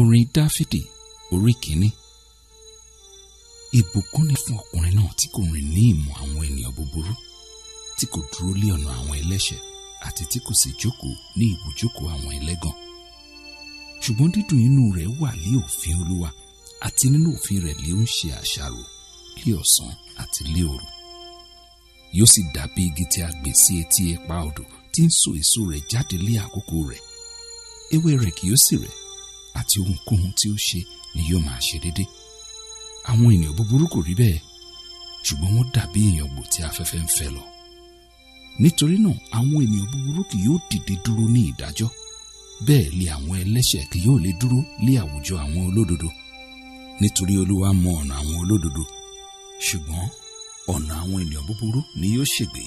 orin dáfídì orí kìíní ìbùkún ni fún ọkùnrin náà tí kò rìn ní ìmọ̀ àwọn ènìyàn búburú tí kò dúró lé ọ̀nà àwọn ẹlẹ́ṣẹ̀ àti tí kò sì jókòó ní ibùjókòó àwọn ẹlẹ́gàn ṣùgbọ́n dídùn inú rẹ̀ wà lé òfin olúwa àti nínú òfin rẹ̀ lé ń ṣe àṣàrò lé ọ̀sán àti lé òru yóò sì dàbí igi tí a gbè sí etí ipa odò tí ń so èso rẹ̀ jáde lé àkókò rẹ̀ ewé rẹ̀ kì yóò sì rẹ̀ àti ohunkóhun tí ó ṣe ni yóò máa ṣe déédéé àwọn ènìyàn búburú kò rí bẹ́ẹ̀ ṣùgbọ́n wọ́n dàbí èèyàn gbò tí afẹ́fẹ́ ń fẹ́ lọ nítorí náà àwọn ènìyàn búburú kì yóò dìde dúró ní ìdájọ́ bẹ́ẹ̀ lé àwọn ẹlẹ́ṣẹ̀ kì yóò lè dúró lé àwùjọ àwọn olódodo nítorí olúwa mọ ọ̀nà àwọn olódodo ṣùgbọ́n ọ̀nà àwọn ènìyàn búburú ni yóò ṣègbè